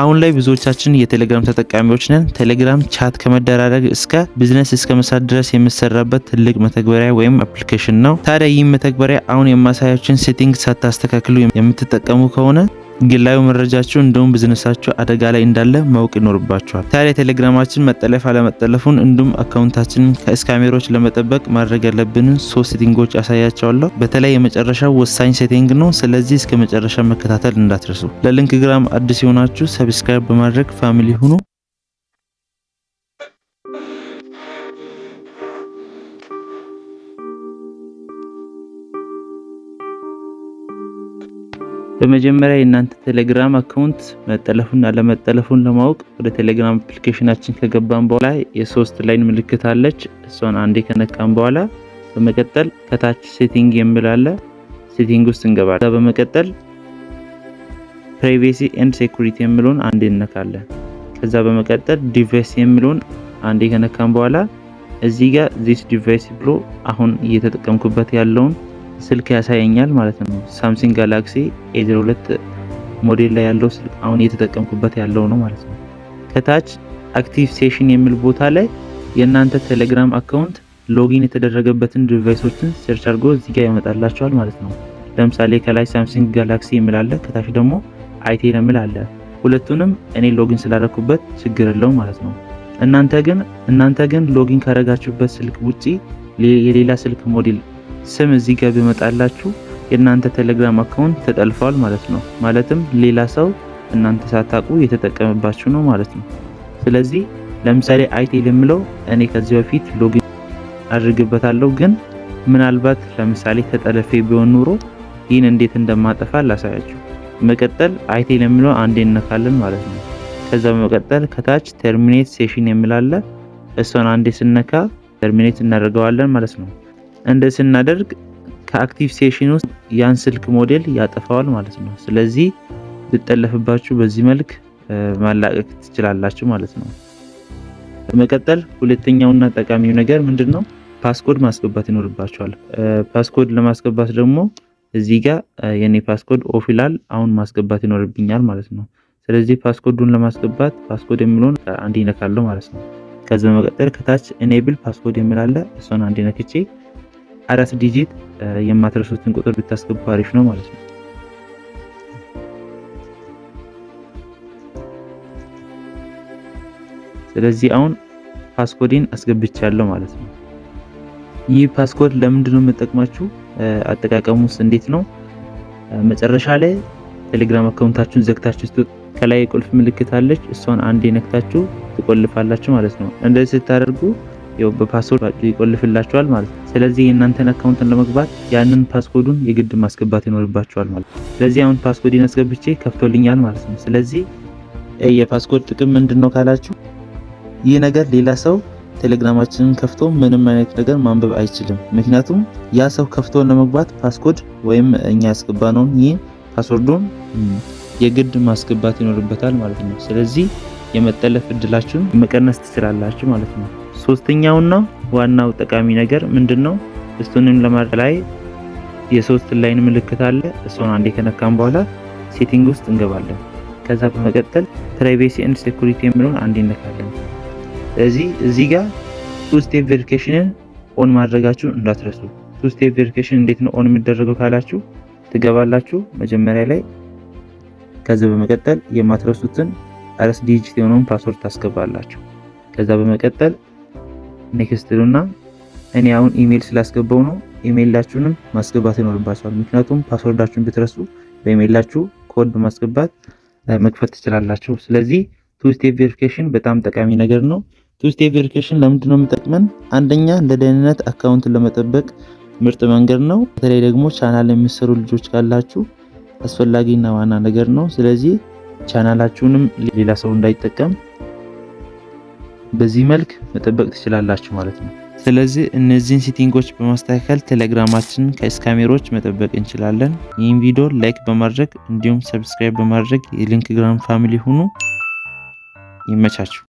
አሁን ላይ ብዙዎቻችን የቴሌግራም ተጠቃሚዎች ነን። ቴሌግራም ቻት ከመደራረግ እስከ ቢዝነስ እስከ መስራት ድረስ የምሰራበት ትልቅ መተግበሪያ ወይም አፕሊኬሽን ነው። ታዲያ ይህ መተግበሪያ አሁን የማሳያችን ሴቲንግ ሳታስተካክሉ የምትጠቀሙ ከሆነ ግላዊ መረጃችሁ እንዲሁም ቢዝነሳችሁ አደጋ ላይ እንዳለ ማወቅ ይኖርባችኋል። ታዲያ ቴሌግራማችን መጠለፍ አለመጠለፉን እንዲሁም አካውንታችንን ከስካሜሮች ለመጠበቅ ማድረግ ያለብንን ሶስት ሴቲንጎች ያሳያቸዋለሁ። በተለይ የመጨረሻው ወሳኝ ሴቲንግ ነው። ስለዚህ እስከ መጨረሻ መከታተል እንዳትረሱ። ለሊንክ ግራም አዲስ የሆናችሁ ሰብስክራይብ በማድረግ ፋሚሊ ሁኑ። በመጀመሪያ የእናንተ ቴሌግራም አካውንት መጠለፉን አለመጠለፉን ለማወቅ ወደ ቴሌግራም አፕሊኬሽናችን ከገባን በኋላ የሶስት ላይን ምልክት አለች። እሷን አንዴ ከነካን በኋላ በመቀጠል ከታች ሴቲንግ የሚል አለ። ሴቲንግ ውስጥ እንገባለን። ከዛ በመቀጠል ፕራይቬሲ ኤንድ ሴኩሪቲ የሚለውን አንዴ እነካለን። ከዛ በመቀጠል ዲቫይስ የሚለውን አንዴ ከነካን በኋላ እዚህ ጋር ዚስ ዲቫይስ ብሎ አሁን እየተጠቀምኩበት ያለውን ስልክ ያሳየኛል ማለት ነው። ሳምሰንግ ጋላክሲ ኤ02 ሞዴል ላይ ያለው ስልክ አሁን እየተጠቀምኩበት ያለው ነው ማለት ነው። ከታች አክቲቭ ሴሽን የሚል ቦታ ላይ የእናንተ ቴሌግራም አካውንት ሎጊን የተደረገበትን ዲቫይሶችን ሰርች አድርጎ እዚህ ጋር ያመጣላቸዋል ማለት ነው። ለምሳሌ ከላይ ሳምሰንግ ጋላክሲ የሚል አለ፣ ከታች ደግሞ አይቴ የሚል አለ። ሁለቱንም እኔ ሎጊን ስላደረኩበት ችግር የለው ማለት ነው። እናንተ ግን እናንተ ግን ሎጊን ካደረጋችሁበት ስልክ ውጪ የሌላ ስልክ ሞዴል ስም እዚህ ጋር ቢመጣላችሁ የእናንተ ቴሌግራም አካውንት ተጠልፏል ማለት ነው። ማለትም ሌላ ሰው እናንተ ሳታውቁ እየተጠቀመባችሁ ነው ማለት ነው። ስለዚህ ለምሳሌ አይቴ የምለው እኔ ከዚህ በፊት ሎጊን አድርግበታለሁ፣ ግን ምናልባት ለምሳሌ ተጠለፌ ቢሆን ኑሮ ይህን እንዴት እንደማጠፋ ላሳያችሁ። መቀጠል አይቴ የምለው አንዴ እነካለን ማለት ነው። ከዛ በመቀጠል ከታች ተርሚኔት ሴሽን የሚላለ እሷን አንዴ ስነካ ተርሚኔት እናደርገዋለን ማለት ነው። እንደ ስናደርግ ከአክቲቭ ሴሽን ውስጥ ያን ስልክ ሞዴል ያጠፋዋል ማለት ነው። ስለዚህ ልጠለፍባችሁ በዚህ መልክ ማላቀቅ ትችላላችሁ ማለት ነው። በመቀጠል ሁለተኛውና ጠቃሚው ነገር ምንድን ነው? ፓስኮድ ማስገባት ይኖርባቸዋል። ፓስኮድ ለማስገባት ደግሞ እዚህ ጋር የኔ ፓስኮድ ኦፍ ይላል። አሁን ማስገባት ይኖርብኛል ማለት ነው። ስለዚህ ፓስኮዱን ለማስገባት ፓስኮድ የሚለውን አንድ ይነካለሁ ማለት ነው። ከዚህ በመቀጠል ከታች ኤኔብል ፓስኮድ የሚላለ እሱን አንድ ነክቼ አራት ዲጂት የማትረሱትን ቁጥር ብታስገቡ አሪፍ ነው ማለት ነው። ስለዚህ አሁን ፓስኮዴን አስገብቻለሁ ማለት ነው። ይህ ፓስኮድ ለምንድን ነው የምጠቅማችሁ? አጠቃቀሙስ እንዴት ነው? መጨረሻ ላይ ቴሌግራም አካውንታችሁን ዘግታችሁ ስትወጡ ከላይ የቁልፍ ምልክት አለች። እሷን አንዴ ነክታችሁ ትቆልፋላችሁ ማለት ነው። እንደዚህ ስታደርጉ በፓስወርድ ይቆልፍላችኋል ይቆልፍላቸዋል ማለት ነው። ስለዚህ የእናንተን አካውንትን ለመግባት ያንን ፓስኮዱን የግድ ማስገባት ይኖርባቸዋል ማለት ነው። ስለዚህ አሁን ፓስኮድ አስገብቼ ከፍቶልኛል ማለት ነው። ስለዚህ የፓስኮድ ጥቅም ምንድን ነው ካላችሁ ይህ ነገር ሌላ ሰው ቴሌግራማችንን ከፍቶ ምንም አይነት ነገር ማንበብ አይችልም። ምክንያቱም ያ ሰው ከፍቶ ለመግባት ፓስኮድ ወይም እኛ ያስገባነውን ይህ ፓስወርዱን የግድ ማስገባት ይኖርበታል ማለት ነው። ስለዚህ የመጠለፍ እድላችሁን መቀነስ ትችላላችሁ ማለት ነው። ሶስተኛውና ዋናው ጠቃሚ ነገር ምንድን ነው? እሱንም ለማድረግ ላይ የሶስት ላይን ምልክት አለ። እሱን አንዴ ከነካም በኋላ ሴቲንግ ውስጥ እንገባለን። ከዛ በመቀጠል ፕራይቬሲ ኤንድ ሴኩሪቲ የሚለውን አንዴ እንነካለን። ስለዚህ እዚህ ጋር ቱ ስቴፕ ቬሪፊኬሽንን ኦን ማድረጋችሁ እንዳትረሱ። ቱ ስቴፕ ቬሪፊኬሽን እንዴት ነው ኦን የሚደረገው ካላችሁ ትገባላችሁ መጀመሪያ ላይ ከዛ በመቀጠል የማትረሱትን አረስ ዲጂት የሆነውን ፓስወርድ ታስገባላችሁ። ከዛ በመቀጠል ኔክስት ሉና እኔ አሁን ኢሜይል ስላስገባው ነው። ኢሜይላችሁንም ማስገባት ይኖርባቸዋል። ምክንያቱም ፓስወርዳችሁን ብትረሱ በኢሜይላችሁ ኮድ በማስገባት መክፈት ትችላላችሁ። ስለዚህ ቱ ስቴፕ ቬሪፊኬሽን በጣም ጠቃሚ ነገር ነው። ቱ ስቴፕ ቬሪፊኬሽን ለምንድን ነው የሚጠቅመን? አንደኛ ለደህንነት አካውንትን ለመጠበቅ ምርጥ መንገድ ነው። በተለይ ደግሞ ቻናል የሚሰሩ ልጆች ካላችሁ አስፈላጊና ዋና ነገር ነው። ስለዚህ ቻናላችሁንም ሌላ ሰው እንዳይጠቀም በዚህ መልክ መጠበቅ ትችላላችሁ ማለት ነው። ስለዚህ እነዚህን ሴቲንጎች በማስተካከል ቴሌግራማችንን ከስካሜሮች መጠበቅ እንችላለን። ይህን ቪዲዮ ላይክ በማድረግ እንዲሁም ሰብስክራይብ በማድረግ የሊንክግራም ፋሚሊ ሁኑ። ይመቻችሁ።